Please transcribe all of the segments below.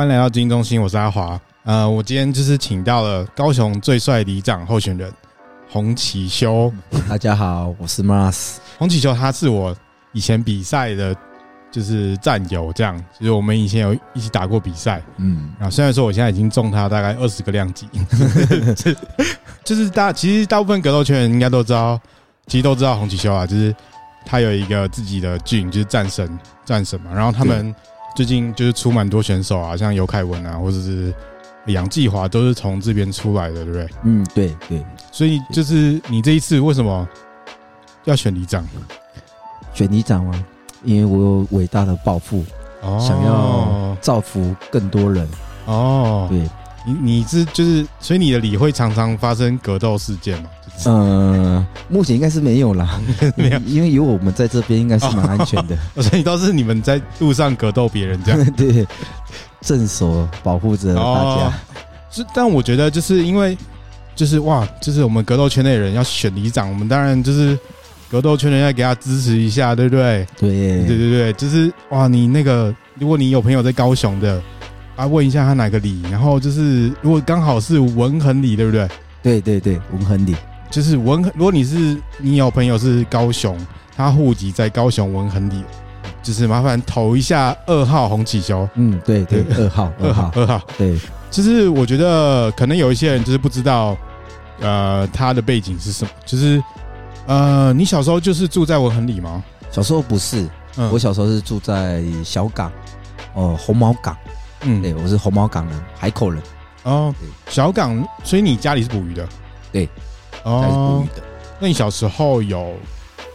歡迎來到精英中心，我是阿華。呃，我今天就是請到了高雄最帥里長候選人洪啟修。大家好，我是 Mars。洪啟修他是我以前比賽的，就是戰友這樣，就是我們以前有一起打過比賽。嗯，然後雖然說我現在已經中他大概二十個量級，嗯 就是、就是大其實大部分格鬥圈人應該都知道，其實都知道洪啟修啊，就是他有一個自己的軍就是戰神戰神嘛，然後他們、嗯。最近就是出蠻多選手啊，像尤凱文啊，或者是楊繼華，都是從這邊出來的，對不對？嗯，對對。對，所以就是你這一次為什麼要選里長？選里長嗎？因為我有偉大的抱負，哦、想要造福更多人。哦，對。你你是就是，所以你的里會常常發生格鬥事件嗎？嗯、就是呃，目前應該是沒有啦， 沒有，因為有我們在這邊，應該是蠻安全的。哦哦、所以倒是你們在路上格鬥別人這樣，對，鎮守保護着大家。是、哦，但我覺得就是因為，就是哇，就是我們格鬥圈內人要選里長，我們當然就是格鬥圈人要給他支持一下，對不對？對對對對，就是哇，你那個，如果你有朋友在高雄的。來、啊、問一下他哪個里，然後就是如果剛好是文衡里對不對？對對對，文衡里就是文。如果你是你有朋友是高雄，他戶籍在高雄文衡里，就是麻煩投一下二號洪啟修。嗯，對對，對，對二，二號二號二號。二號對，就是我覺得可能有一些人就是不知道，呃，他的背景是什麼。就是呃，你小時候就是住在文衡里嗎？小時候不是，嗯，我小時候是住在小港，哦、呃，紅毛港。嗯，對，我是紅毛港人，海口人。哦，對，小港，所以你家裡是捕魚的？對，哦，是捕魚的。那你小時候有，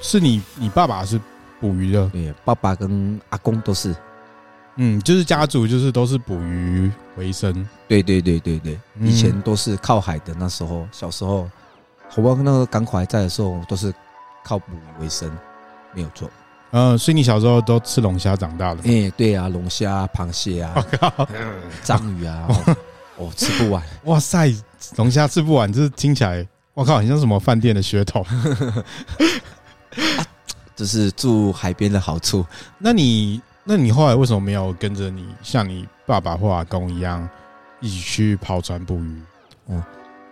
是你，你爸爸是捕魚的？對，爸爸跟阿公都是。嗯，就是家族，就是都是捕魚為生。對對對對對，嗯、以前都是靠海的。那時候小時候，紅毛那個港口還在的時候，都是靠捕魚為生，沒有錯。嗯、呃，所以你小時候都吃龍蝦長大的。哎、欸，對啊，龍蝦、啊、螃蟹啊，靠、嗯，章魚啊，我哇、哦、吃不完。哇塞，龍蝦吃不完，這是聽起來，我靠，好像什麼飯店的噱頭。這、 啊就是住海邊的好處。那你，那你後來為什麼沒有跟着你像你爸爸或阿公一樣一起去跑船捕魚？嗯。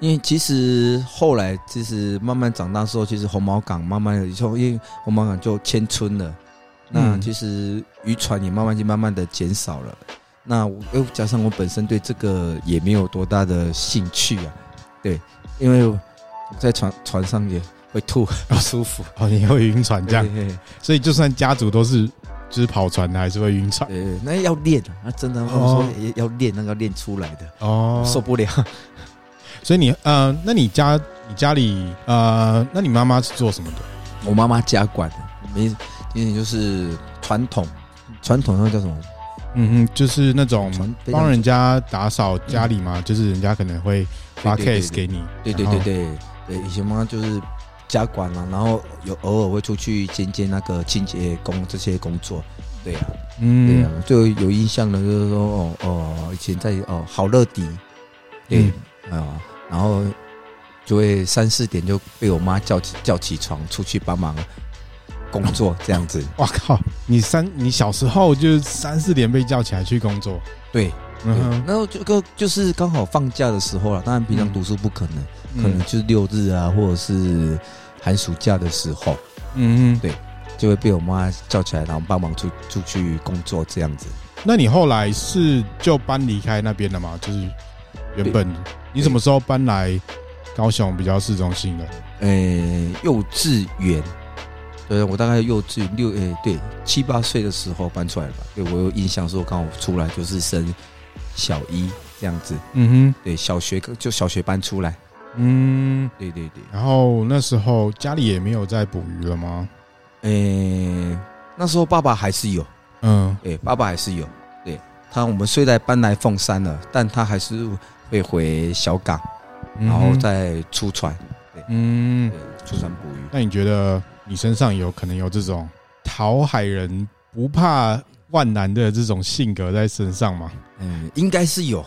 因為其實後來，其實慢慢長大的時候，其實紅毛港慢慢以後，因為紅毛港就遷村了。嗯、那其實漁船也慢慢就慢慢的減少了。那又加上我本身對這個也沒有多大的興趣啊。對，因為我在船船上也會吐、哦，不舒服，哦，也會暈船這樣。 所以就算家族都是就是跑船的，還是會暈船。對，那要練啊，真的，我、哦、說要練，那個練出來的哦，受不了。所以你呃，那你家你家裡呃，那你媽媽是做什麼的？我媽媽家管，沒，就是傳統，傳統那叫什麼？嗯哼，就是那種幫人家打掃家裡嘛，嗯、就是人家可能會發 case 給你。對，對對對對，後對以前媽媽就是家管嘛、啊，然後有偶爾會出去兼兼那個清潔工這些工作。對呀，嗯，對呀、啊，就、嗯啊、有印象的就是說哦哦，以前在哦好樂迪，對、嗯、啊。然後就會三四點就被我媽叫起叫起床出去幫忙工作這樣子。哇靠！你三你小時候就三四點被叫起來去工作對？對，嗯哼，然後這個就是剛好放假的時候了，當然平常讀書不可能，嗯、可能就是六日啊，或者是寒暑假的時候，嗯哼，對，就會被我媽叫起來，然後幫忙出出去工作這樣子。那你後來是就搬離開那邊了嗎？就是。原本你什麼時候搬來高雄比較市中心的？誒、欸，幼稚園，對我大概幼稚六誒、欸，對七八歲的時候搬出來了吧。對我有印象，說剛好出來就是升小一這樣子。嗯哼，對小學就小學搬出來。嗯，對對對。然後那時候家裡也沒有再捕魚了嗎？誒、欸，那時候爸爸還是有。嗯，對，爸爸還是有。對他，我們雖然搬來鳳山了，但他還是。會回小港，嗯、哼然後再出船，嗯，出船捕魚。那你覺得你身上有可能有這種討海人不怕萬難的這種性格在身上嗎？嗯，應該是有，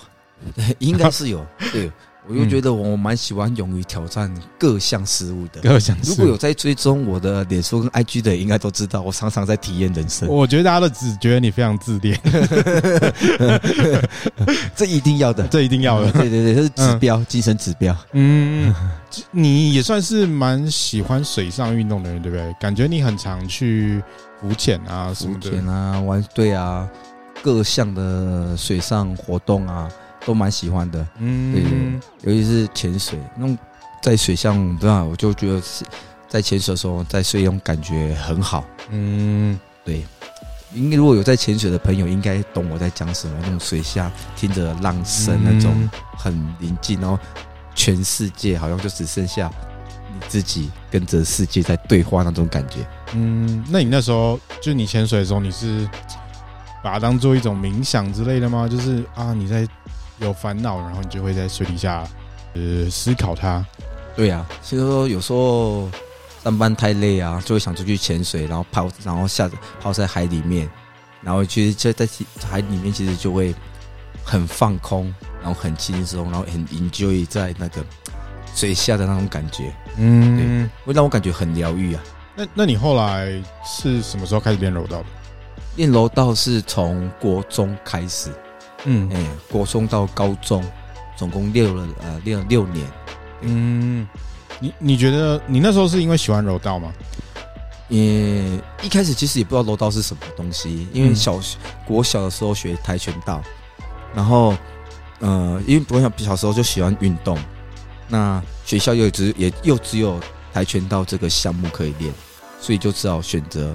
應該是有，對。 我就覺得我蠻喜歡勇於挑戰各項事物的。各項事物，如果有在追蹤我的臉書跟 IG 的，應該都知道我常常在體驗人生，嗯。我覺得大家都只覺得你非常自戀。 這一定要的，這一定要的，嗯。對對對，這，就是指標，嗯，精神指標。嗯，嗯，你也算是蠻喜歡水上運動的人，對不對？感覺你很常去浮潛啊，什麼的，浮潛啊，玩，對啊，各項的水上活動啊。都蠻喜歡的，嗯對，尤其是潛水，那在水下，對吧？啊？我就覺得是在潛水的時候，在水用感覺很好，嗯，對。應該如果有在潛水的朋友，應該懂我在講什麼？那種水下聽着浪聲，那種、嗯、很寧靜，然後全世界好像就只剩下你自己，跟着世界在對話那種感覺。嗯，那你那時候就你潛水的時候，你是把它當做一種冥想之類的嗎？就是啊，你在。有煩惱，然後你就會在水底下，呃，思考它。對呀，啊，所以說有時候上班太累啊，就會想出去潛水，然後泡，然後下泡在海裡面，然後其實在在海裡面其實就會很放空，然後很輕鬆，然後很 enjoy 在那個水下的那種感覺，嗯，對。會讓我感覺很療癒啊。那那你後來是什麼時候開始練柔道的？練柔道是從國中開始。嗯，哎、欸，國中到高中，總共練了呃，練了六年。嗯，你你覺得你那時候是因為喜歡柔道嗎？也、欸、一開始其實也不知道柔道是什麼東西，因為小、嗯、國小的時候學跆拳道，然後呃，因為我想小時候就喜歡運動，那學校又也只也又只有跆拳道這個項目可以練，所以就只好選擇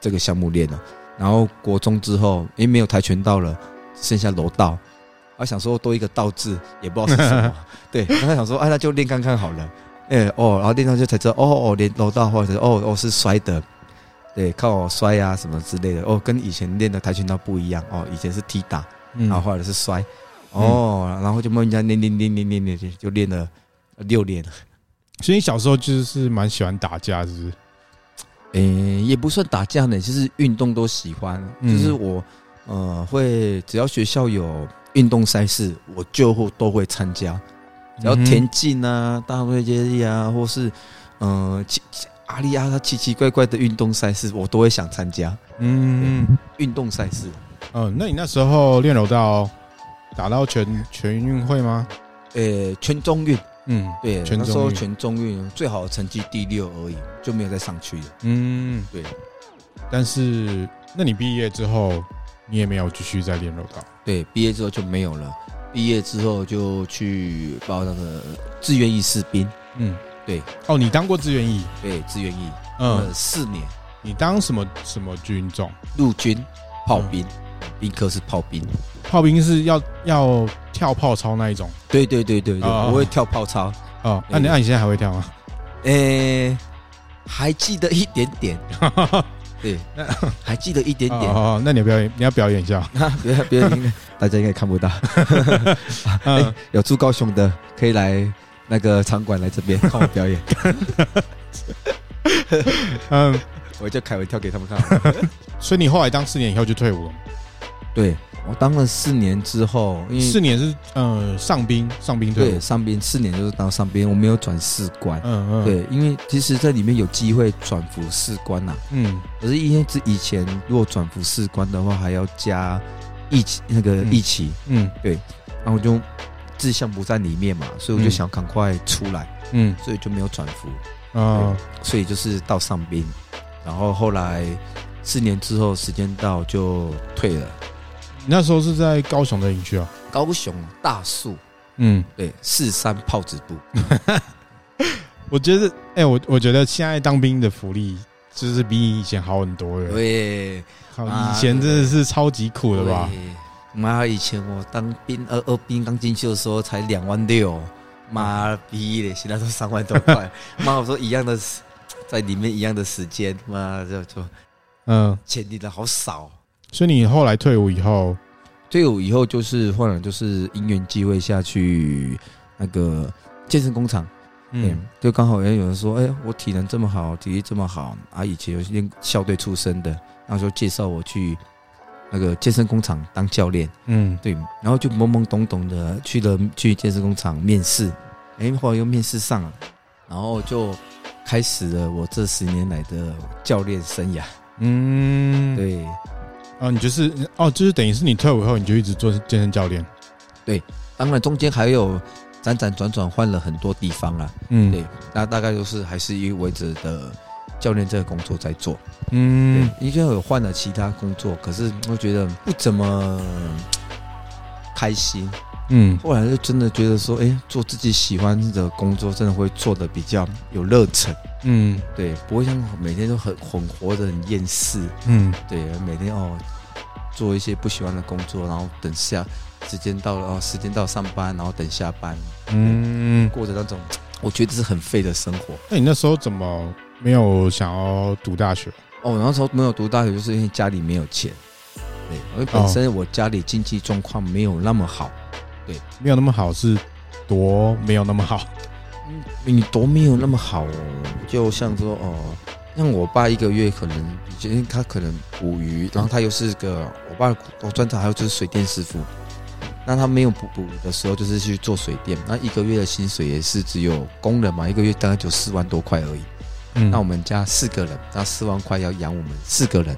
這個項目練了。然後國中之後，因、欸、為沒有跆拳道了。剩下柔道，然、啊、後想說多一個道字也不知道是什麼。 對，啊、他想說，哎、啊，那就練看看好了。哎、欸，哦，然後練上就才知道，哦哦，連柔道或者是哦哦是摔的，對，靠我摔啊什麼之類的。哦，跟以前練的跆拳道不一樣，哦，以前是踢打，然、啊、後或者是摔，嗯、哦，然後就慢慢加練練練練練練，就練了六年。所以你小時候就是蠻喜歡打架，是不是？哎、欸，也不算打架的，就是運動都喜歡，就是我。嗯呃，會只要學校，有運動賽事，我就會都會參加。嗯、哼只要田徑啊、大會接力啊，或是嗯、呃、奇阿麗啊，奇奇怪怪的運動賽事，我都會想參加。嗯，運動賽事。嗯、呃，那你那時候練柔道，打到全全運會嗎？呃、欸、全中運。嗯，對，全那時候全中運最好的成績第六而已，就沒有再上去了。嗯，對。但是，那你畢業之後？你也沒有繼續再練柔道？對，畢業之後就沒有了。畢業之後就去報那個志願役士兵。嗯，對。哦，你當過志願役？對，志願役。嗯，四年。你當什麼什麼軍種？陸軍，炮兵。兵科是炮兵。炮兵是要要跳炮操那一種？對對對對對，我會跳炮操。哦，那你那你現在還會跳嗎？哎，還記得一點點。對，那還記得一點點。哦，哦，那你表演，你要表演一下。那別別，大家應該看不到、 啊，欸。有住高雄的，可以來那個場館來這邊看我表演。嗯，我就凱文跳給他們看。 所以你後來當四年以後就退伍了。對。我當了四年之後，四年是呃上兵，上兵對，對,對，上兵四年就是當上兵，我沒有轉士官，嗯嗯，對，因為其實在裡面有機會轉服士官吶，嗯，可是因為是以前如果轉服士官的話，還要加役期，那個役期。嗯，對，然後就志向不在裡面嘛，所以我就想趕快出來，嗯，所以就沒有轉服啊、嗯，所以就是到上兵，然後後來四年之後時間到就退了。你那時候是在高雄的營區啊？高雄大樹，嗯，對，四三炮子部。 我覺得，哎、欸，我我覺得現在當兵的福利就是比你以前好很多了。對，好，以前真的是超級苦的吧？媽，媽以前我當兵，二二兵剛進去的時候才兩萬六，媽逼嘞！現在都三萬多塊，媽， 我說一樣的，在裡面一樣的時間，媽就就，嗯，錢領的好少。所以你後來退伍以後，退伍以後就是換了，就是因緣際會下去那個健身工廠，嗯對，就剛好有人有人說：“哎、欸，我體能這麼好，體力這麼好，啊，以前有些校隊出身的，然後就介紹我去那個健身工廠當教練，嗯，對，然後就懵懵懂懂的去了去健身工廠面試，哎、欸，後來又面試上了，然後就開始了我這十年來的教練生涯，嗯，對。”啊、哦，你就是哦，就是等於是你退伍後，你就一直做健身教練，對，當然中間還有輾輾轉轉換了很多地方啊，嗯，對，那大概就是還是一輩子的教練這個工作在做，嗯，應該有換了其他工作，可是我覺得不怎麼開心，嗯，後來就真的覺得說，哎、欸，做自己喜歡的工作，真的會做的比較有熱忱。嗯，對，不會像每天都很混，很活得很厭世。嗯，對，每天哦做一些不喜歡的工作，然後等下時間到了哦，時間到上班，然後等下班。嗯，嗯，過着那種我覺得是很廢的生活。那你那時候怎麼沒有想要讀大學？哦，那時候沒有讀大學，就是因為家裡沒有錢。對，因為本身我家裡經濟狀況沒有那麼好。對，哦、對，沒有那麼好是多沒有那麼好。你都沒有那麼好、哦，就像說哦、呃，像我爸一個月可能以前他可能捕魚，然後他又是個我爸，我專長，還有就是水電師傅。那他沒有捕捕的時候，就是去做水電。那一個月的薪水也是只有工人嘛，一個月大概就四萬多塊而已。嗯，那我們家四個人，那四萬塊要養我們四個人，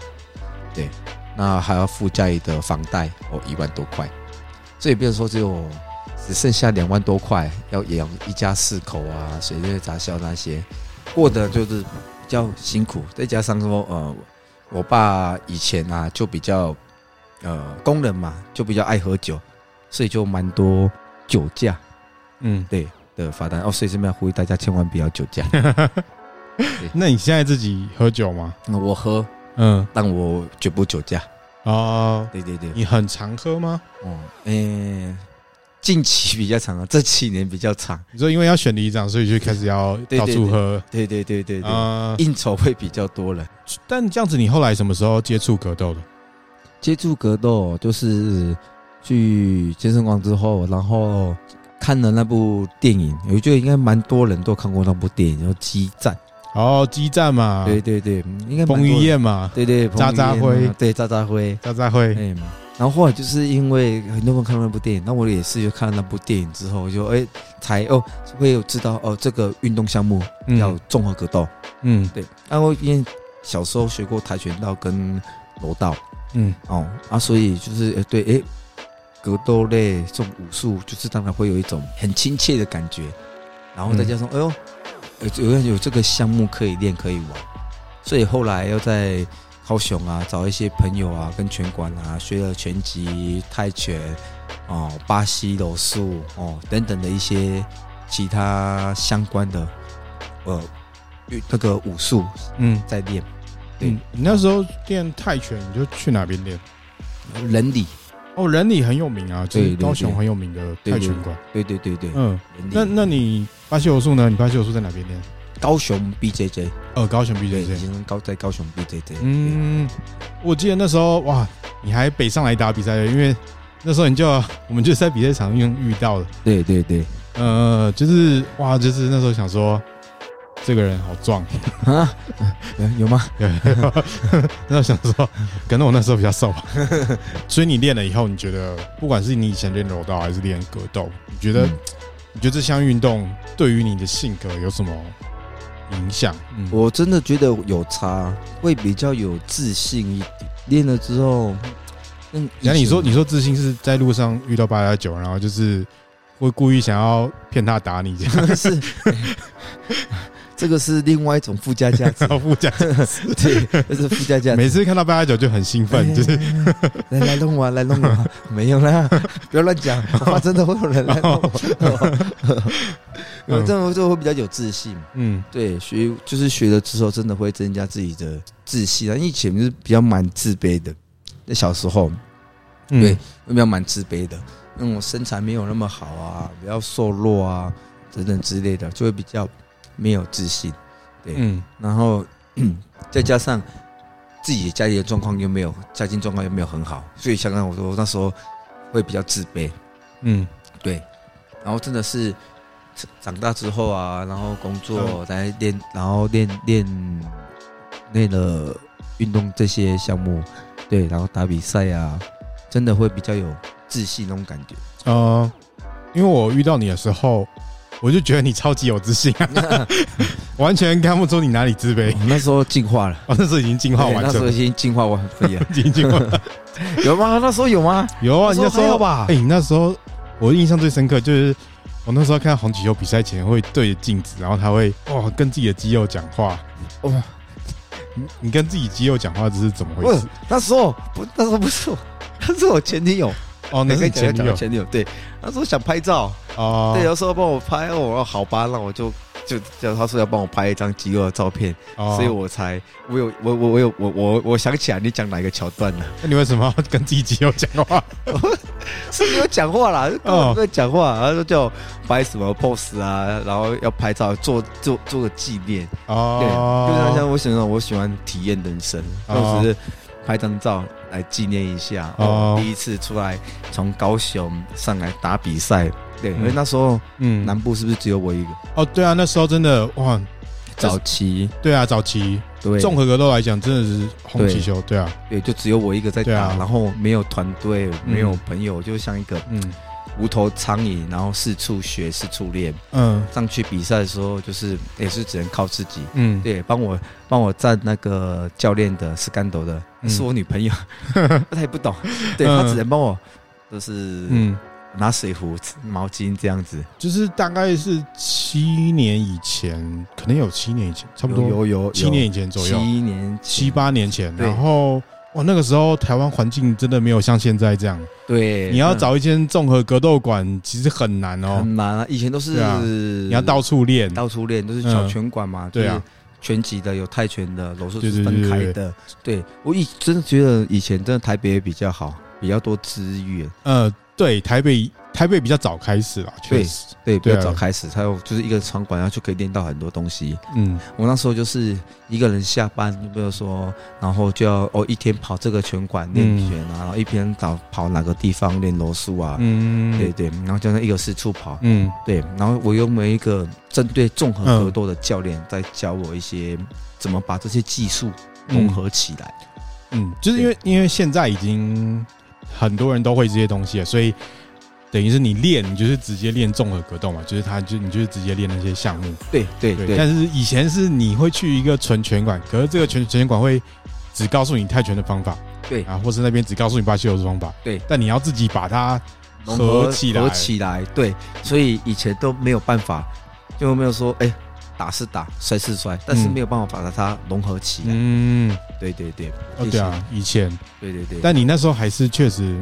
對，那還要付家裡的房貸哦一萬多塊，所以變成說只有。只剩下兩萬多塊，要養一家四口啊，水電雜銷那些，過得就是比較辛苦。再加上說，呃，我爸以前啊就比較，呃，工人嘛，就比較愛喝酒，所以就蠻多酒駕。嗯對，對的罰單。哦，所以這邊要呼籲大家千萬不要酒駕。 對那你現在自己喝酒嗎？嗯、我喝，嗯，但我絕不酒駕。哦，對對對，你很常喝嗎？嗯。欸近期比較長啊，這幾年比較長。你說因為要選里長，所以就開始要到處喝，對對對對對，對、嗯、應酬會比較多了。但這樣子，你後來什麼時候接觸格鬥的？接觸格鬥就是去健身房之後，然後看了那部電影，我覺得應該蠻多人都看過那部電影，叫《激戰》。哦，《激戰》嘛，對對對，應該。彭於晏嘛，對對，對，嘛渣渣對，渣渣輝，對渣渣輝，渣渣輝，然後後來就是因為很多人看了那部電影，那我也是就看了那部電影之後就，就、欸、哎才哦會有知道哦這個運動項目叫綜合格鬥，嗯，嗯對。然後因為小時候學過跆拳道跟柔道，嗯，哦啊，所以就是、欸、對哎、欸，格鬥類這種武術，就是當然會有一種很親切的感覺。然後再加上、嗯、哎呦，有有這個項目可以練可以玩，所以後來又在。高雄啊，找一些朋友啊，跟拳館啊，學了拳擊、泰拳、哦、巴西柔術、哦等等的一些其他相關的呃，那個武術，嗯，在練。對嗯，你那時候練泰拳，你就去哪邊練？人理禮哦，人理很有名啊，對、就是，高雄很有名的泰拳館。對對，對對對對。嗯，禮那那你巴西柔術呢？你巴西柔術在哪邊練？高雄 B J J，哦、呃，高雄 B J J，高在高雄 B J J，啊。嗯，我記得那時候哇，你還北上來打比賽的，因為那時候你就我們就在比賽場遇遇到了。對對對，呃，就是哇，就是那時候想說，這個人好壯啊，有嗎？有，那時候想說，可能我那時候比較瘦吧。 所以你練了以後，你覺得不管是你以前練柔道還是練格鬥，你覺得、嗯、你覺得這項運動對於你的性格有什麼？影響、嗯，我真的覺得有差，會比較有自信一點。練了之後，那你說，你說自信是在路上遇到八加九，然後就是會故意想要騙他打你這樣？ 是。 這個是另外一種附加價值、啊， 附加價價值 對，這、就是附加價值。每次看到八阿九就很興奮，就是來來弄我、啊，來弄我、啊，啊、 沒有啦，不要亂講，怕真的會有人來弄我。我這樣就會比較有自信，嗯，對，學就是學了之後，真的會增加自己的自信啊。因為以前是比較蠻自卑的，在小時候、嗯、對，比較蠻自卑的，那種身材沒有那麼好啊，比較瘦弱啊，等等之類的，就會比較。沒有自信，對，嗯、然後再加上自己家裡的狀況又沒有，家境狀況又沒有很好，所以想想我說那時候會比較自卑，嗯，對，然後真的是長大之後啊，然後工作再、嗯、練，然後練練練了運動這些項目，對，然後打比賽啊，真的會比較有自信那種感覺。啊、嗯，因為我遇到你的時候。我就覺得你超級有自信，啊，啊、 完全看不出你哪裡自卑哦。我那時候進化了哦，我那時候已經進化完成了，成已經進化完， 已經進化了，有嗎？那時候有嗎？有啊，那有，欸，那時候吧？哎，你那時候我印象最深刻就是，我那時候看洪啟修比賽前會對着鏡子，然後他會跟自己的肌肉講話，你你跟自己肌肉講話這是怎麼回事？欸，那時候不，那時候不是我，他是我前女友。哦，你是前女友，前女友對。他說想拍照，oh. 對，有時候幫我拍哦。我說好吧，那我就就叫他說要幫我拍一張肌肉的照片，oh. 所以我才我有我我我有我我我想起來你講哪一個橋段了。啊，那你為什麼要跟自己肌肉講話？ 是沒有講話啦，跟我在講話。然後就叫擺什麼 pose 啊，然後要拍照，做做做個紀念。哦、oh.，就像、是、像我喜歡我喜歡體驗人生，就、oh. 是拍張照。來紀念一下，第一次出來從高雄上來打比賽，哦哦對，嗯、因為那時候，嗯，南部是不是只有我一個？哦，對啊，那時候真的哇，早期，對啊，早期，對，綜合格鬥來講，真的是紅氣球，對，對啊，對，就只有我一個在打，對啊、然後沒有團隊，沒有朋友，嗯、就像一個。嗯無頭蒼蠅，然後四處學，四處練。嗯，上去比賽的時候，就是也是只能靠自己。嗯，對，幫我幫我站那個教練的是干豆的，是我女朋友，她也不懂，對，她只能幫我，就是拿水壺、毛巾這樣子。就是大概是七年以前，可能有七年以前，差不多有有七年以前左右，七年七八年前，然後。哦、那個時候台灣環境真的沒有像現在這樣。對，嗯、你要找一間綜合格鬥館，其實很難哦，很難啊。以前都是、啊、你要到處練，到處練都、就是小拳館嘛、嗯。對啊，拳擊的有泰拳的，柔術是分開的。對我以真的覺得以前真的台北也比較好，比較多資源。嗯。對，台北台北比較早開始了，確實對，對，對、啊、比較早開始，它有就是一個場館，然後就可以練到很多東西。嗯，我那時候就是一個人下班，比如說，然後就要哦一天跑這個拳館練拳，嗯、然後一天找跑哪個地方練羅素啊，嗯，對，對，對，然後就在一個四處跑，嗯，對，然後我又沒一個針對綜合格鬥的教練在教我一些怎麼把這些技術融合起來，嗯，嗯，就是因為對因為現在已經。很多人都會這些東西，所以等於是你練，你就是直接練綜合格鬥嘛，就是他就你就是直接練那些項目，對對對。對對，但是以前是你會去一個純拳館，可是這個拳拳館會只告訴你泰拳的方法，對啊，或是那邊只告訴你巴西柔的方法，對。但你要自己把它合起來。合，合起來，對。所以以前都沒有辦法，就沒有說哎。欸打是打，摔是摔，但是沒有辦法把它融合起來。嗯，對對對，哦對啊，以前，對對對。但你那時候還是確實，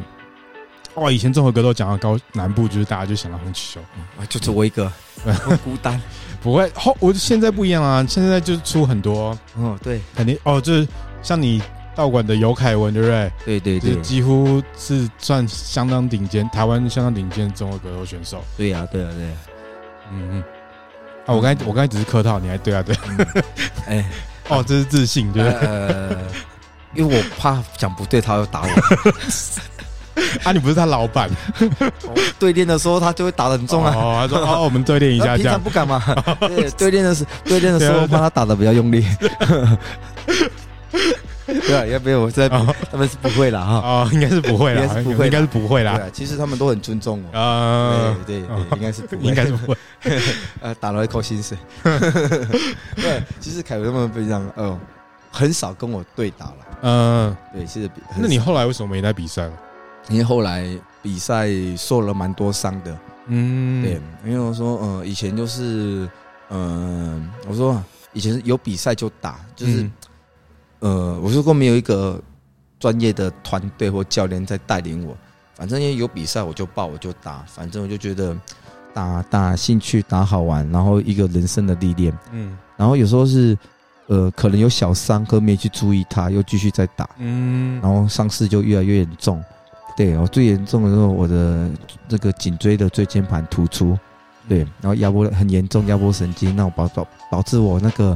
哦，以前綜合格鬥講到高南部，就是大家就想到洪啟修啊，就我一個，嗯、很孤單。 不會，後我現在不一樣啊，現在就是出很多，哦對，肯定哦，就是像你道館的尤凱文，對不對？對對對，就是幾乎是算相當頂尖，台灣相當頂尖綜合格鬥選手。對呀、啊、對呀、啊、對呀、啊啊，嗯。啊，我剛才我剛才只是客套，你還對啊對，哎、嗯，欸、哦，這是自信對對，啊呃？因為我怕講不對他，他要打我。 啊，你不是他老闆，哦，對練的時候他就會打得很重啊。哦哦，他說，哦哦：“我們對練一下，這樣，嗯、不敢嘛，哦、對練的時，對練的時候怕他打得比較用力。 對啊，要不要我在，他們是不會啦哈。哦，應該是不會啦，應該是不會啦。對，其實他們都很尊重我啊。對對，應該是，應該是不會。呃，打了一口薪水。對，其實凱文他們非常，很少跟我對打了。嗯，對，是比。那你後來為什麼沒在比賽了？因為後來比賽受了蠻多傷的。嗯，對，因為我說，呃，以前就是，嗯，我說以前是有比賽就打，就是。呃，我如果沒有一個專業的團隊或教練在帶領我，反正因為有比賽，我就報，我就打，反正我就覺得打打，打興趣，打好玩，然後一個人生的歷練，嗯，然後有時候是呃，可能有小傷，可沒去注意它，他又繼續在打，嗯，然後傷勢就越來越嚴重。對，我最嚴重的時候，我的這個頸椎的椎間盤突出，對，嗯、然後壓迫很嚴重，壓迫神經，嗯、那我保保導致我那個。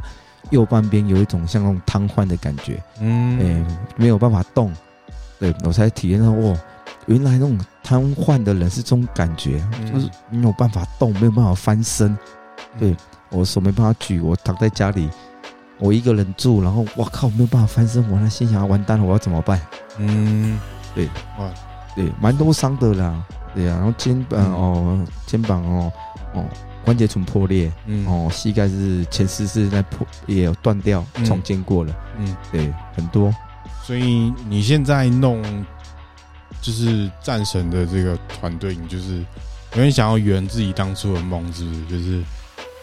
右半邊有一種像那種癱瘓的感覺，嗯，哎、欸，沒有辦法動，對我才體驗到哦，原來那種癱瘓的人是這種感覺，嗯、就是沒有辦法動，沒有辦法翻身，對、嗯、我手沒辦法舉，我躺在家裡，我一個人住，然後我靠，沒有辦法翻身，我那心想要完蛋了，我要怎麼辦？嗯對，對，哇，對，蠻多傷的啦，對呀、啊，然後肩膀、嗯、哦，肩膀哦，哦。關節唇破裂，嗯、哦，膝蓋是前十字在破，也有斷掉，重建過了。嗯、嗯，對，很多。所以你現在弄就是戰神的這個團隊，你就是有點想要圓自己當初的夢，是不是？就是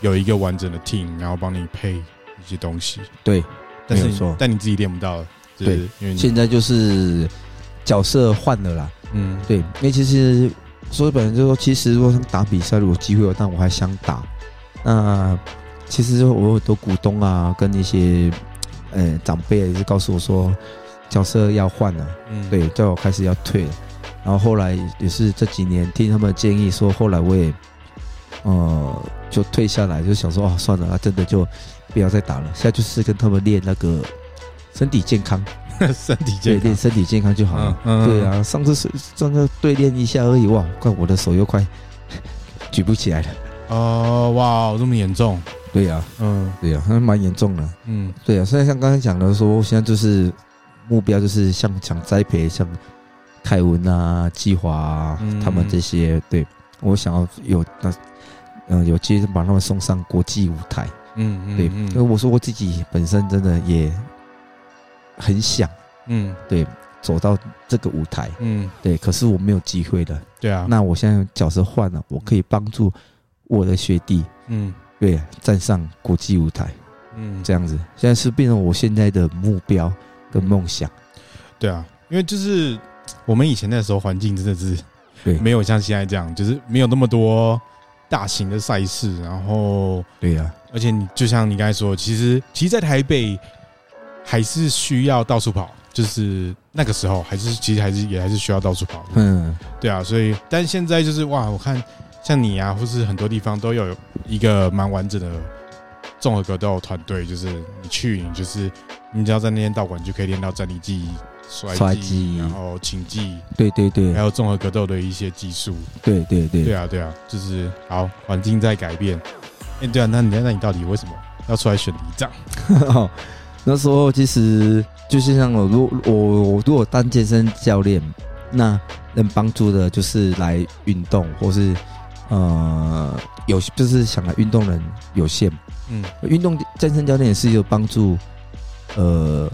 有一個完整的 team，然後幫你配一些東西。對，但是，但你自己練不到了，就是、對，因為現在就是角色換了啦。嗯，對，因為其實。所以本來就說，其實如果打比賽有機會，但我還想打。那其實我有很多股東啊，跟一些嗯長輩也是告訴我說，角色要換了、啊，嗯、對，叫我開始要退了。然後後來也是這幾年聽他們建議說，後來我也呃就退下來，就想說哦，算了、啊，真的就不要再打了。現在就是跟他們練那個身體健康。身體健康對，對身體健康就好了。嗯、對啊，嗯、哼上次是上次對練一下而已哇！怪我，我的手又快 舉不起來了。哦、呃，哇，這麼嚴重？對呀、啊，嗯，對呀、啊，還蠻嚴重的。嗯，對啊，所以像剛才講的說，現在就是目標就是像想栽培像泰文啊、季華啊，嗯嗯，他們這些，對我想要有那嗯，有機會把他們送上國際舞台。嗯嗯，嗯嗯，對，因為我說我自己本身真的也。很想，嗯，對，走到這個舞台，嗯，對，可是我沒有機會的，對啊、嗯。那我現在角色換了，我可以幫助我的學弟，嗯，對，站上國際舞台，嗯，這樣子現在是變成我現在的目標跟夢想、嗯，對啊。因為就是我們以前那時候環境真的是，對，沒有像現在這樣，就是沒有那麼多大型的賽事，然後對呀、啊。而且你就像你剛才說，其實其實，在台北。還是需要到處跑，就是那個時候，還是其實還是也還是需要到處跑。嗯，對啊，所以但現在就是哇，我看像你啊，或是很多地方都有一個蠻完整的綜合格鬥團隊，就是你去，你就是你只要在那間道館，就可以練到站立技、摔技，技，然後擒技。對對對，還有綜合格鬥的一些技術。對對對，對，對啊對啊，就是好環境在改變。哎、欸，對啊，那那那你到底為什麼要出來選里長？ 哦那時候其實就是像我，如果我，我如果當健身教練，那能幫助的就是來運動，或是呃有就是想來運動人有限，嗯，運動健身教練也是有幫助呃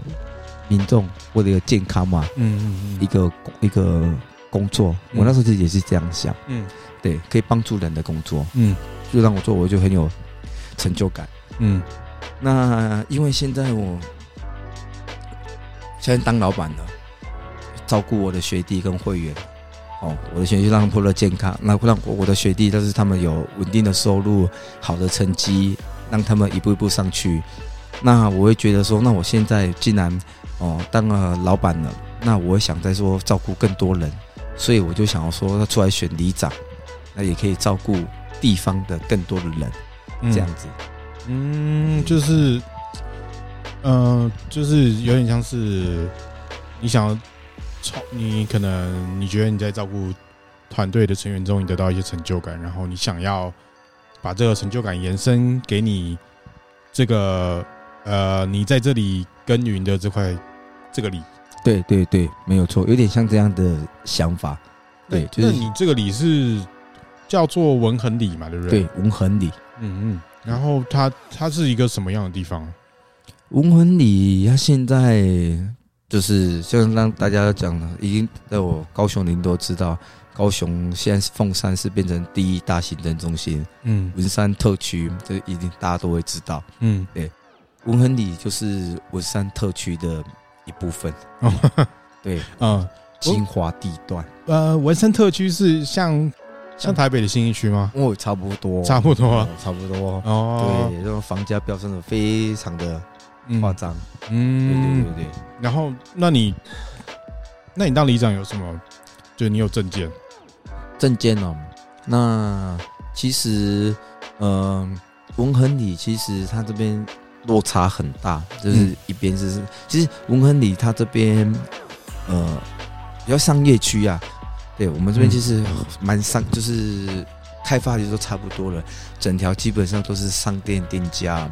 民眾為了一個健康嘛。嗯嗯、嗯一個一個工作，嗯、我那時候其實也是這樣想。嗯，對，可以幫助人的工作。嗯，就讓我做，我就很有成就感。嗯。那因為現在我現在當老闆了，照顧我的學弟跟會員，哦，我的學弟讓他們獲得健康，那讓我的學弟，但是他們有穩定的收入，好的成績，讓他們一步一步上去。那我會覺得說，那我現在既然哦當了老闆了，那我想再說照顧更多人，所以我就想要說要出來選里長，那也可以照顧地方的更多的人，嗯、這樣子。嗯，就是，嗯、呃，就是有點像是，你想，你可能你覺得你在照顧團隊的成員中，你得到一些成就感，然後你想要把這個成就感延伸給你這個呃，你在這裡耕耘的這塊這個里。對對對，沒有錯，有點像這樣的想法。對，那就是你這個里是叫做文衡里嘛？對不對？對，文衡里。嗯嗯。然後它它是一個什麼樣的地方？文衡裏，它現在就是像剛大家講的，已經在我高雄您都知道，高雄現在鳳山是變成第一大行政中心，嗯，文山特區這個、一定大家都會知道，嗯，對，文衡裏就是文山特區的一部分，嗯、對，啊、嗯，精華地段，呃，文山特區是像。像台北的信義區嗎？哦、啊嗯，差不多，差不多，差不多哦。對，這種房價飆升的非常的誇張。嗯，對對對,對。嗯、然後，那你，那你當里長有什麼？就是你有政見？政見呢？那其實，嗯、呃，文衡裡其實它這邊落差很大，就是一邊是，嗯、其實文衡裡它這邊，呃，比較商業區啊。對我們這邊其實蠻商，嗯、就是開發的都差不多了，整條基本上都是商店、店家，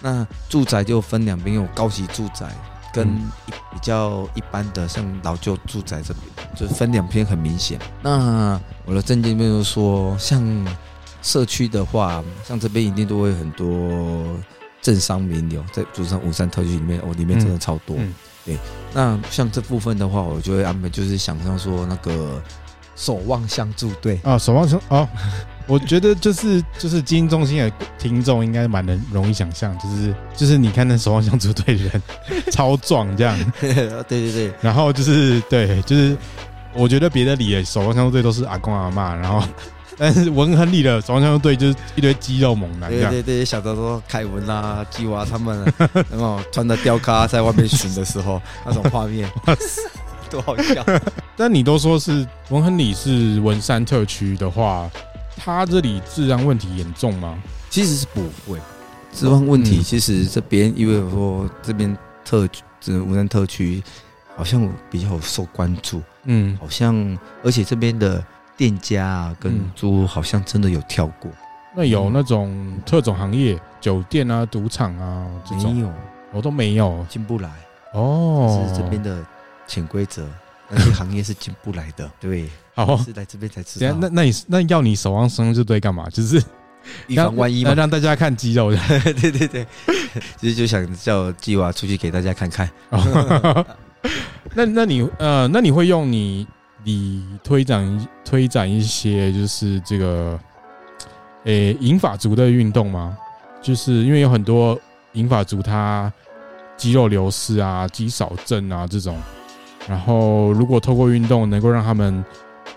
那住宅就分兩邊，有高級住宅跟比較一般的像老舊住宅這邊，就分兩邊很明顯。那我的政見裡面就說，像社區的話，像這邊一定都會有很多。政商名流在組成五三特區裡面哦，裡面真的超多。嗯、對，那像這部分的話，我就會安排就是想象說那個守望相助隊啊，守望相助。哦，我覺得就是就是精英中心的聽眾應該蠻能容易想象，就是就是你看那守望相助隊的人超壯這樣， 對對對，然後就是對就是我覺得別的里啊守望相助隊都是阿公阿媽，然後。但是文衡里的雙槍隊就是一堆肌肉猛男，對對對，想到說凱文啊、基娃他們有有，然後穿着吊卡在外面巡的時候，那種畫面，哇塞 多好笑！但你都說是文衡里是文山特區的話，他這裡治安問題嚴重嗎？其實是不會，治安問題其實這邊，因為說這邊特區，這文山特區好像比較受關注，嗯，好像而且這邊的。店家跟租好像真的有跳過。那有那種特種行業，酒店啊、賭場啊，沒有，我都沒有進不來。哦，是這邊的潛規則，那些行業是進不來的。對，好是來這邊才知道。那那你是那要你守望生日對幹嘛？就是預防萬一嘛，讓大家看肌肉。對對對，其實就想叫雞娃出去給大家看看。那那你呃，那你會用你？你推展推展一些就是這個，誒、欸，銀髮族的運動嗎？就是因為有很多銀髮族，他肌肉流失啊、肌少症啊這種，然後如果透過運動能夠讓他們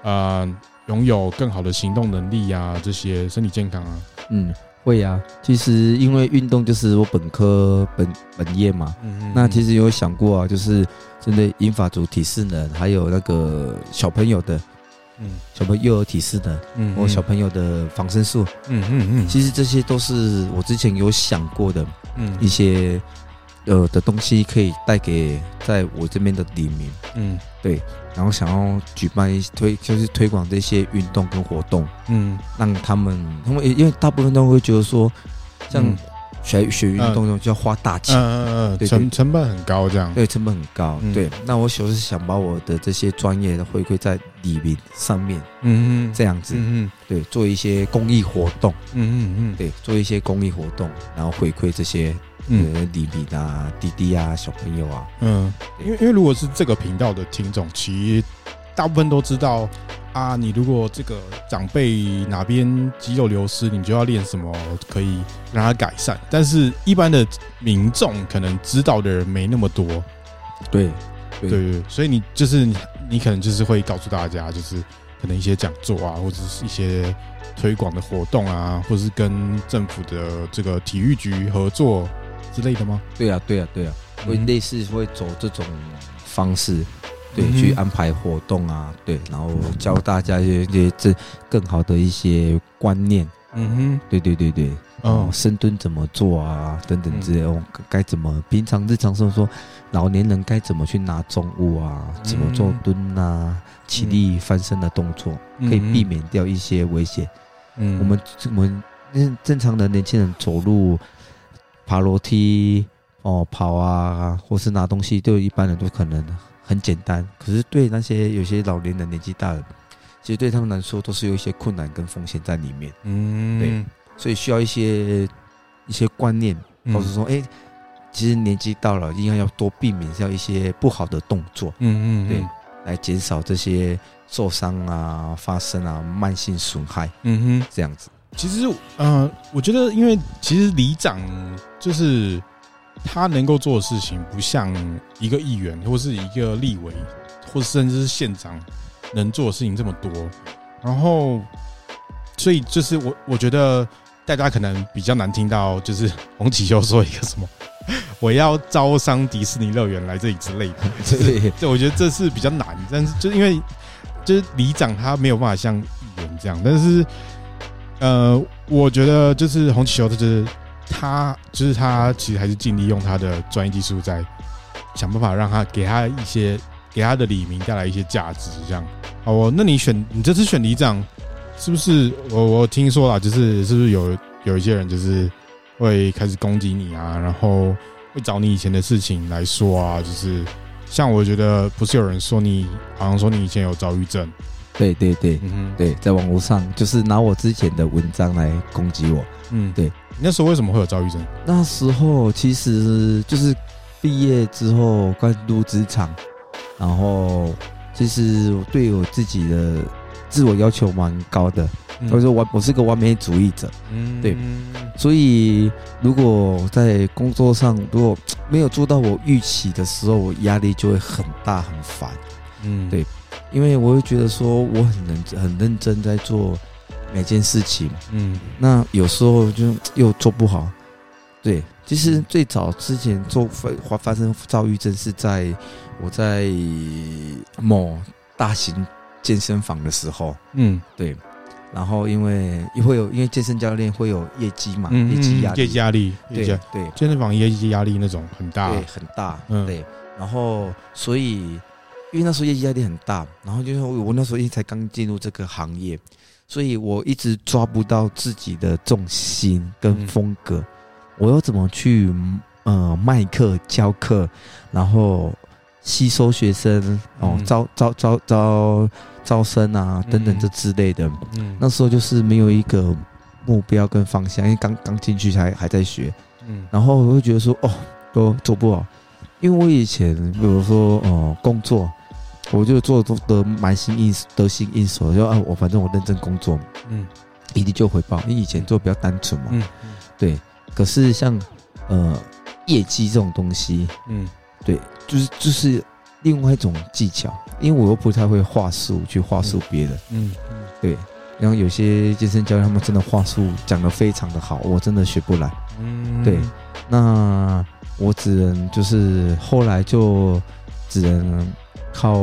啊擁、呃、有更好的行動能力啊，這些身體健康啊，嗯。會啊，其實因為運動就是我本科本本業嘛，嗯哼嗯，那其實有想過啊，就是針對銀髮族體式呢，還有那個小朋友的，嗯，小朋友幼兒體式呢，嗯，嗯，或小朋友的防身術，嗯嗯嗯，其實這些都是我之前有想過的，嗯，一些。呃，的東西可以帶給在我這邊的里民。嗯，對，然後想要舉辦一些推，就是推廣這些運動跟活動，嗯，讓他們，他們因為大部分都會覺得說，像。嗯學學運動中就要花大錢，嗯嗯，嗯，嗯對對對成成本很高這樣，對成本很高，嗯、對。那我就是想把我的這些專業的回饋在里民上面，嗯嗯哼，這樣子，嗯哼對，做一些公益活動，嗯嗯哼嗯，對，做一些公益活動，然後回饋這些里民，嗯呃、啊、弟弟啊、小朋友啊，嗯，因為對因為如果是這個頻道的聽眾，其大部分都知道啊，你如果這個長輩哪邊肌肉流失，你就要練什麼可以讓他改善。但是，一般的民眾可能知道的人沒那麼多。對，對對，對對，所以你就是你可能就是會告訴大家，就是可能一些講座啊，或者是一些推廣的活動啊，或者是跟政府的這個體育局合作之類的嗎？對啊，對啊，對啊，會、嗯、類似會走這種方式。對，mm hmm. 去安排活動啊，對，然後教大家一些這更好的一些觀念，嗯哼、mm，hmm. 對對對對，oh. 哦，深蹲怎麼做啊？等等之類的、mm hmm. 哦，該怎麼平常日常生活中，老年人該怎麼去拿重物啊？Mm hmm. 怎麼做蹲啊？起立翻身的動作，mm hmm. 可以避免掉一些危險。嗯、mm，hmm. 我們我們正常的年輕人走路、爬樓梯、哦跑啊，或是拿東西，就一般人都可能的。很簡單，可是對那些有些老年，的年紀人年紀大的，其實對他們來說都是有一些困難跟風險在裡面。嗯，對，所以需要一些一些觀念，告訴說，哎、嗯欸，其實年紀到了，應該要多避免一些一些不好的動作。嗯，嗯嗯，對，來減少這些受傷啊、發生啊、慢性損害。嗯哼，這樣子。其實，嗯、呃，我覺得，因為其實里長就是。他能夠做的事情不像一個議員或是一個立委，或甚至是縣長能做的事情這麼多。然後，所以就是我我覺得大家可能比較難聽到，就是洪啟修說一個什麼，我要招商迪士尼樂園來這裡之類的。對，我覺得這是比較難。但是就因為就是里長他沒有辦法像議員這樣，但是呃，我覺得就是洪啟修他就是。他就是他，其實還是盡力用他的專業技術在想辦法讓他給他一些給他的里民帶來一些價值，這樣。好，那你選你這次選里長，是不是我我聽說了，就是是不是有有一些人就是會開始攻擊你啊，然後會找你以前的事情來說啊，就是像我覺得不是有人說你好像說你以前有躁鬱症，對對對對，嗯、哼對，在網絡上就是拿我之前的文章來攻擊我，嗯，對。那時候為什麼會有躁鬱症？那時候其實就是畢業之後剛入職場，然後其實對我自己的自我要求蠻高的，或者說我我是個完美主義者，嗯，對，所以如果在工作上如果沒有做到我預期的時候，我壓力就會很大很煩，嗯，對，因為我會覺得說我很認真很認真在做。每件事情，嗯，那有時候就又做不好，對。其實，就是最早之前做發發生躁鬱症是在我在某大型健身房的時候，嗯，對。然後因為會有，因為健身教練會有業績嘛，嗯、業績壓力，業績壓力，對對。對對健身房業績壓力那種很大，對很大，嗯、對。然後所以因為那時候業績壓力很大，然後就是我那時候才剛進入這個行業。所以我一直抓不到自己的重心跟風格，嗯、我又怎麼去呃賣課、教課，然後吸收學生、嗯、哦，招招招招招生啊等等這之類的。嗯嗯、那時候就是沒有一個目標跟方向，因為剛剛進去還還在學。嗯、然後我會覺得說哦，都做不好，因為我以前比如說哦、呃、工作。我就做的得蠻心應手，得心應手，就啊，我反正我認真工作，嗯，一定就回報。因為以前做比較單純嘛，嗯，嗯，對。可是像呃業績這種東西，嗯，對，就是就是另外一種技巧。因為我又不太會話術去話術別人，嗯嗯，對。然後有些健身教練他們真的話術講得非常的好，我真的學不來，嗯，對。那我只能就是後來就只能。靠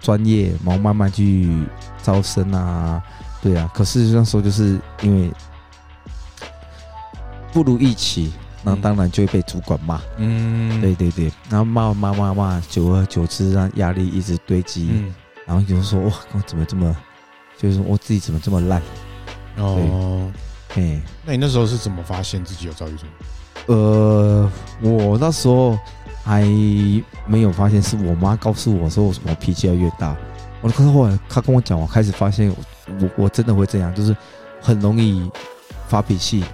專業，然後慢慢去招生啊，對啊。可是那時候就是因為不如意，那、嗯、當然就會被主管罵。嗯，對對對，然後罵罵罵罵，久而久之讓壓力一直堆積。嗯、然後就說哇，我怎麼這麼，就是我自己怎麼這麼爛？哦，哎，那你那時候是怎麼發現自己有躁鬱症？呃，我那時候。還沒有發現，是我媽告訴我說我什麼脾氣要越大。我的是後來，她跟我講，我開始發現我，我我真的會這樣，就是很容易發脾氣，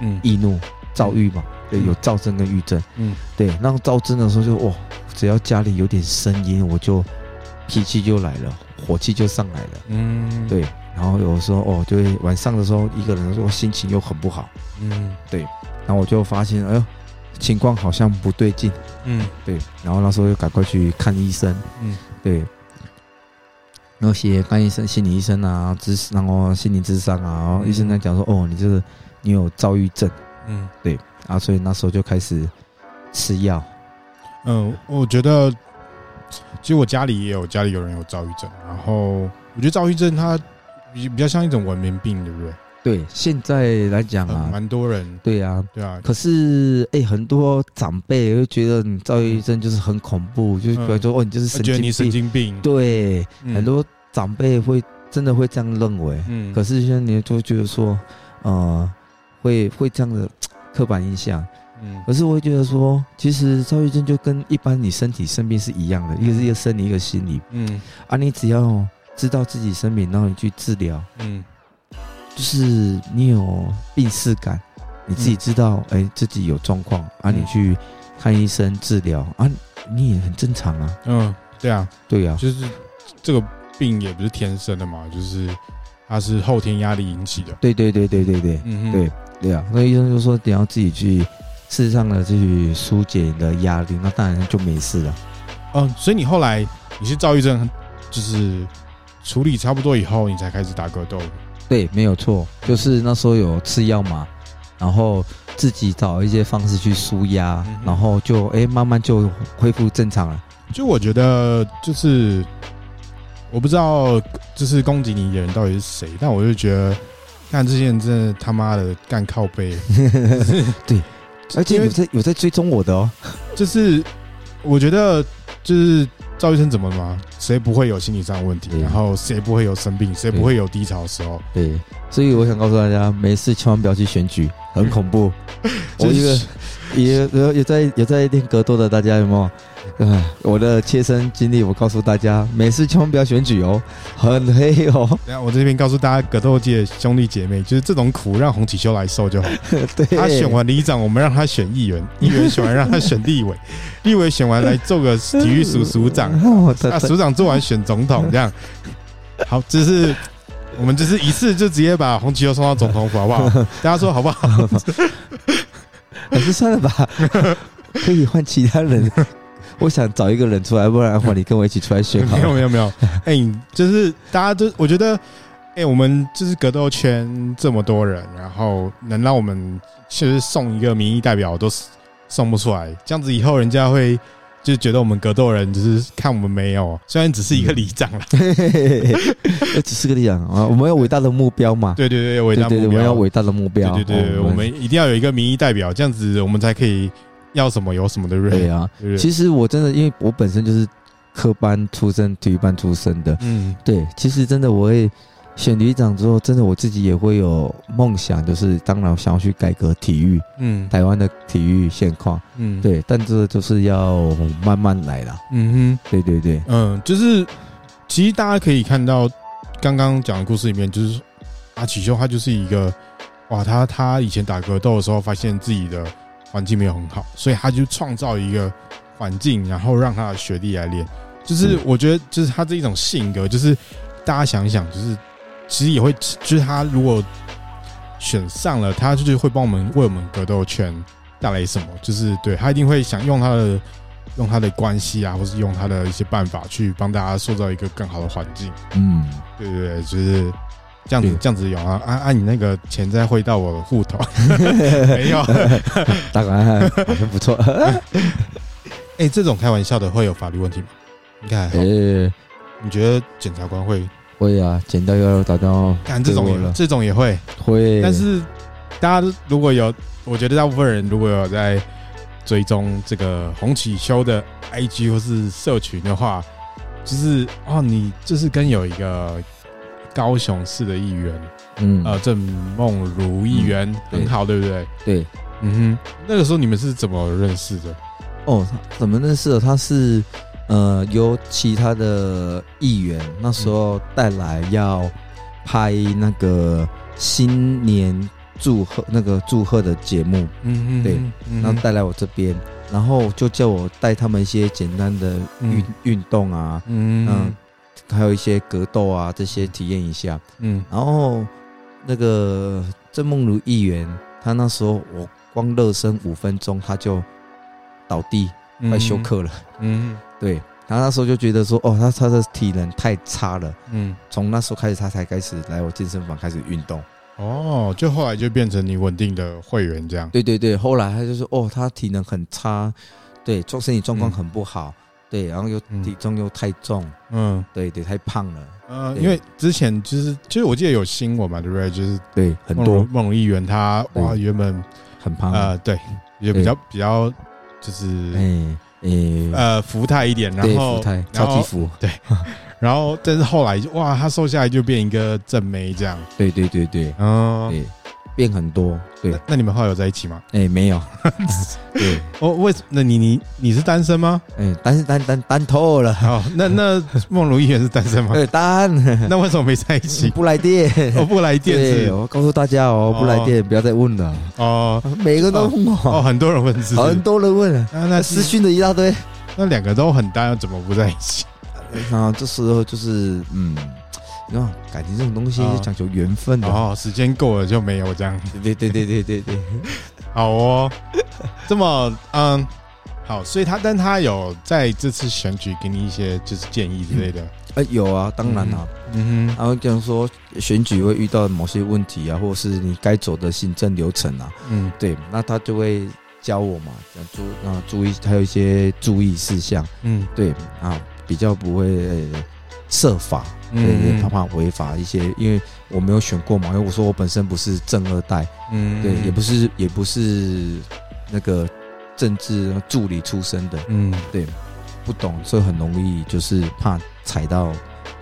嗯，易怒，躁鬱嘛，對，嗯、有躁症跟鬱症，嗯，對，那個躁症的時候就哦，只要家裡有點聲音，我就脾氣就來了，火氣就上來了，嗯，對，然後有時候哦，對，晚上的時候一個人，我心情又很不好，嗯，對，然後我就發現，哎呦。情況好像不對勁，嗯，對，然後那時候又趕快去看醫生，嗯，對，那些看醫生、心理醫生啊，智然，然後心理諮商啊，然後醫生在講說，嗯、哦，你這、就、個、是，你有躁鬱症，嗯，對，啊，所以那時候就開始吃藥、嗯，嗯、呃，我覺得，其實我家裡也有，家裡有人有躁鬱症，然後我覺得躁鬱症它比比較像一種文明病，對不對？對，現在來講啊，蠻多人，對啊。對啊。可是，哎、欸，很多長輩會覺得，你躁鬱症就是很恐怖，嗯、就是比如說，哦，你就是神經病。覺得你神經病。對、很多、嗯、長輩會真的會這樣認為。嗯。可是現在你都覺得說，呃，會會這樣的刻板印象。嗯。可是我會覺得說，其實躁鬱症就跟一般你身體生病是一樣的，一個是一個生理，一個心理。嗯。啊，你只要知道自己生病，然後你去治療。嗯。就是你有病恥感，你自己知道，哎、嗯、欸，自己有狀況，啊，你去看醫生治療，啊，你也很正常啊。嗯，對啊，對啊，就是這個病也不是天生的嘛，就是它是後天壓力引起的。對對對對對對，嗯哼，對對啊，那醫生就說你要自己去事實上呢，自己疏解你的壓力，那當然就沒事了。嗯，所以你後來你是躁鬱症，就是處理差不多以後，你才開始打格鬥。對，沒有錯，就是那時候有吃藥嘛，然後自己找一些方式去舒壓，然後就哎、欸，慢慢就恢復正常了。就我覺得，就是我不知道，就是攻擊你的人到底是誰，但我就覺得，看這些人真的他媽的幹靠背。 對，而且有在有在追蹤我的哦。就是我覺得，就是。趙醫生怎麼了嗎？誰不會有心理上的問題？對然後誰不會有生病？誰不會有低潮的時候？對，對，所以我想告訴大家，沒事千萬不要去選舉，很恐怖。嗯嗯、我覺得、就是、也有有在有在練格鬥的，大家有沒有？呃、我的切身經歷，我告訴大家，每次千萬不要選舉哦，很黑哦。等下我這邊告訴大家，格鬥界兄弟姐妹，就是這種苦讓洪啟修來受就好。對，他、啊、選完里長，我們讓他選議員，議員選完讓他選立委， 立委選完來做個體育署署、署長，那、啊、署長做完選總統，這樣。好，就是我們就是一次就直接把洪啟修送到總統府，好不好？大家說好不好？ 還是算了吧， 可以換其他人。 我想找一個人出來，不然的話，你跟我一起出來選。沒有沒有沒有，哎、欸，就是大家都，我覺得，哎、欸，我們就是格鬥圈這麼多人，然後能讓我們就是送一個名義代表都是送不出來，這樣子以後人家會就覺得我們格鬥人只是看我們沒有，雖然只是一個禮仗嘿。這只是個禮仗啊。我們有偉大的目標嘛？對對對，偉大我們要偉大的目標，對對對我，對對對對對我們一定要有一個名義代表，哦嗯、這樣子我們才可以。要什麼有什麼的人，對啊。其實我真的，因為我本身就是科班出身，體育班出身的。嗯，對。其實真的，我會選里長之後，真的我自己也會有夢想，就是當然想要去改革體育，嗯，台灣的體育現況，嗯，對。但這就是要慢慢來啦。嗯哼，對對對，嗯，就是其實大家可以看到剛剛講的故事裡面，就是阿啟修他就是一個哇，他他以前打格鬥的時候發現自己的。環境沒有很好，所以他就創造一個環境，然後讓他的學弟來練。就是我覺得，就是他這一種性格，就是大家想想，就是其實也會，就是他如果選上了，他就是會幫我們為我們格鬥圈帶來什麼？就是對，他一定會想用他的、用他的關係啊，或是用他的一些辦法去幫大家塑造一個更好的環境。嗯，對對對，就是。這樣子這樣子有啊，按按你那個錢再匯到我的戶頭？ 沒有，大官，不錯。哎，這種開玩笑的會有法律問題嗎？你看，哎，你覺得檢察官會、欸，會啊？簡單要誇張哦。看這種，這種也會會。但是大家如果有，我覺得大部分人如果有在追蹤這個洪啟修的 IG 或是社群的話，就是哦，你就是跟有一個。高雄市的議員，嗯，呃，鄭夢如議員、嗯、很好，對不對？對，嗯哼。那個時候你們是怎麼認識的？哦，怎麼認識的、啊？他是，呃，由其他的議員那時候帶來要拍那個新年祝賀那個祝賀的節目，嗯嗯哼，對，嗯、哼然後帶來我這邊，嗯、哼然後就叫我帶他們一些簡單的運、嗯、運動啊，嗯，哼嗯。還有一些格鬥啊，這些體驗一下，嗯，然後那個鄭夢如議員，他那時候我光熱身五分鐘，他就倒地，嗯、快休克了，嗯，對，他那時候就覺得說，哦，他他的體能太差了，嗯，從那時候開始，他才開始來我健身房開始運動，哦，就後來就變成你穩定的會員這樣，對對對，後來他就說，哦，他體能很差，對，做身體狀況很不好。嗯嗯對，然後又體重又太重，嗯，對對，太胖了，嗯，因為之前就是就是我記得有新聞嘛，對不對？就是對，很多孟議員他哇，原本很胖呃，對，也比較比較就是嗯，呃福態一點，然後福態，超級福，對，然後但是後來哇，他瘦下來就變一個正妹這樣，對對對對，嗯。變很多，對。那你們後來有在一起嗎？哎，沒有。對，哦，為什麼？那你你你是單身嗎？嗯，單單單單透了。好，那那夢如依然，是單身嗎？對單。那為什麼沒在一起？不來電哦，不來電。對，我告訴大家哦，不來電，不要再問了。哦，每個都問我。哦，很多人問，很多人問了。那那私訊的一大堆。那兩個都很單，又怎麼不在一起？然後這時候就是嗯。那感情這種東西是講究緣分的哦，哦，時間夠了就沒有這樣。對對對對對對， 好哦， 這麼嗯好，所以他但他有在這次選舉給你一些就是建議之類的。呃、嗯欸，有啊，當然啊。嗯，嗯哼，然後講說選舉會遇到某些問題啊，或者是你該走的行政流程啊，嗯，對，那他就會教我嘛，注啊注意他有一些注意事項，嗯，對啊，比較不會。欸設法，對他怕違法一些，嗯、因為我沒有選過嘛，因為我說我本身不是政二代，嗯，對，也不是，也不是那個政治助理出身的，嗯，對，不懂，所以很容易就是怕踩到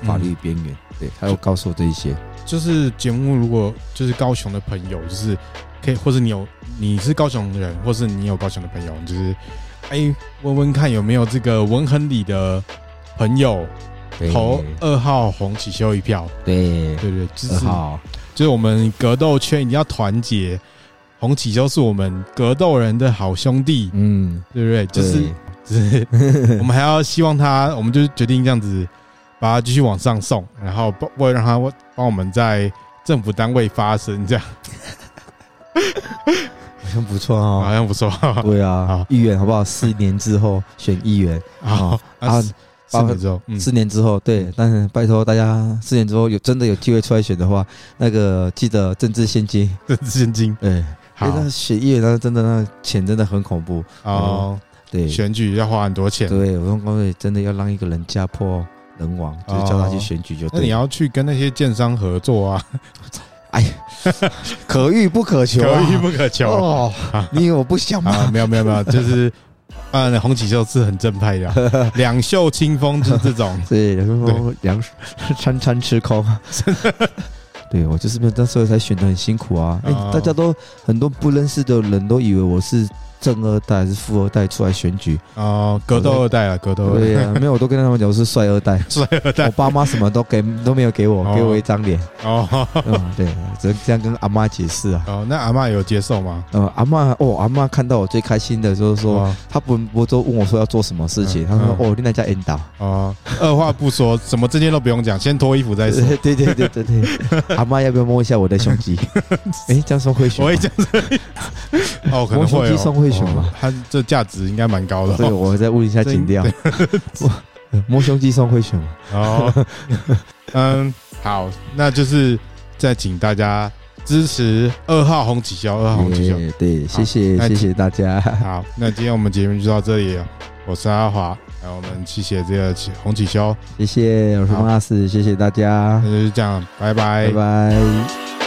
法律邊緣，嗯、對他有告訴我這一些，就是節目如果就是高雄的朋友，就是可以，或者你有你是高雄的人，或是你有高雄的朋友，就是哎、欸、問問看有沒有這個文衡里的朋友。投二號洪啟修一票，對對對，就是就是我們格鬥圈一定要團結，洪啟修是我們格鬥人的好兄弟，嗯，對不對？就是，我們還要希望他，我們就決定這樣子，把他繼續往上送，然後幫，會讓他幫我們在政府單位發聲，這樣好像不錯哦，好像不錯，對啊，好，議員好不好？四年之後選議員啊啊。四年之後，嗯、四年之後，對，但是拜託大家，四年之後有真的有機會出來選的話，那個記得政治獻金，政治獻金，哎對好、欸，那選議員那真的那錢真的很恐怖哦、嗯。對，選舉要花很多錢，對，我說真的要讓一個人家破人亡，就是、叫他去選舉就、哦。那你要去跟那些建商合作啊？ 哎， 可遇不可求、啊，可遇不可求、啊、哦。啊、你以為我不想嗎、啊？沒有沒有沒有，就是。啊，洪啟、嗯、修是很正派的，啊，兩 袖清風是這種， 對，兩，對，兩餐餐吃空， 對，我就是那時候才選的很辛苦啊，哎、哦欸，大家都很多不認識的人都以為我是。正二代還是富二代出來選舉？哦，格鬥二代啊，格鬥二代。對啊，沒有，我都跟他們講我是帥二代，帥二代。我爸媽什麼都給都沒有給我，給我一張臉哦。對，只能這樣跟阿媽解釋啊。哦，那阿媽有接受嗎？嗯，阿媽哦，阿媽看到我最開心的就是說，她不，不都問我說要做什麼事情，她說哦，你那家引導啊，二話不說，什麼政見都不用講，先脫衣服再說。對對對對對，阿媽要不要摸一下我的胸肌？哎，這樣送會血，我也這樣子。哦，可能會送會。哦哦、它這價值應該蠻高的，所以我再問一下金調摸胸雞送會選嗎？哦，哦嗯，好，嗯、那就是再請大家支持二號洪啟修，二號洪啟修，對，謝謝，謝謝大家。好，那今天我們節目就到這裡了，了我是阿華，來我們謝謝這個洪啟修，謝謝，我是孟老師，謝謝大家，那就是這樣，拜，拜，拜拜。